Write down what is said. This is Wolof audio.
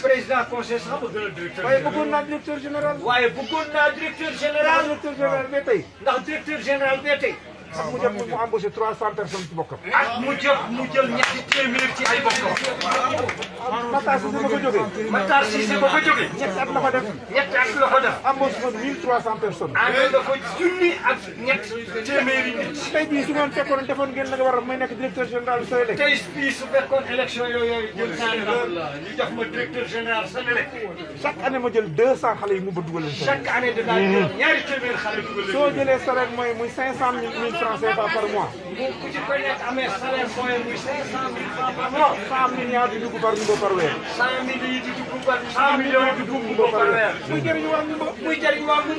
président conseil sax ma gën a directeur général. waaye bëggoon naa directeur général. waaye bëggoon naa directeur général. directeur général bee tey. ndax directeur général bee tey. waaw mu jëm mu embauché trois cent personnes ci bokkam. Ah, mu jëm mu jël ñetti téeméer ci Matar Cissé ba fa jógee. Matar Cissé ba fa jógee. ñetti at la fa def. ñetti at la fa def. embauché fa 1300 personnes. engrais dafa junni ak ñett téeméeri nit. tey bii su ngeen fekkoon defoon ngeen la nga war a may nekk directeur général Sénélec. tey bii su fekkoon élection yooyu jël naa ñu jox ma directeur général Sénélec. chaque année ma jël 200 xale yi mu ba dugal leen. chaque année dinaa jël ñaari téeméeri xale dugal leen. soo jëlee salaire mooy muy 500 000 francs CFA par mois. bu ku ci ko nekk amee salaire moyen muy cinq cent mille francs par mois. cent milliards di dugg par Ndimbo par weer. cent millions di dugg par. cent millions di dugg par weer. muy jëriñ waa Ndimbo muy jëriñ waa Ndimbo.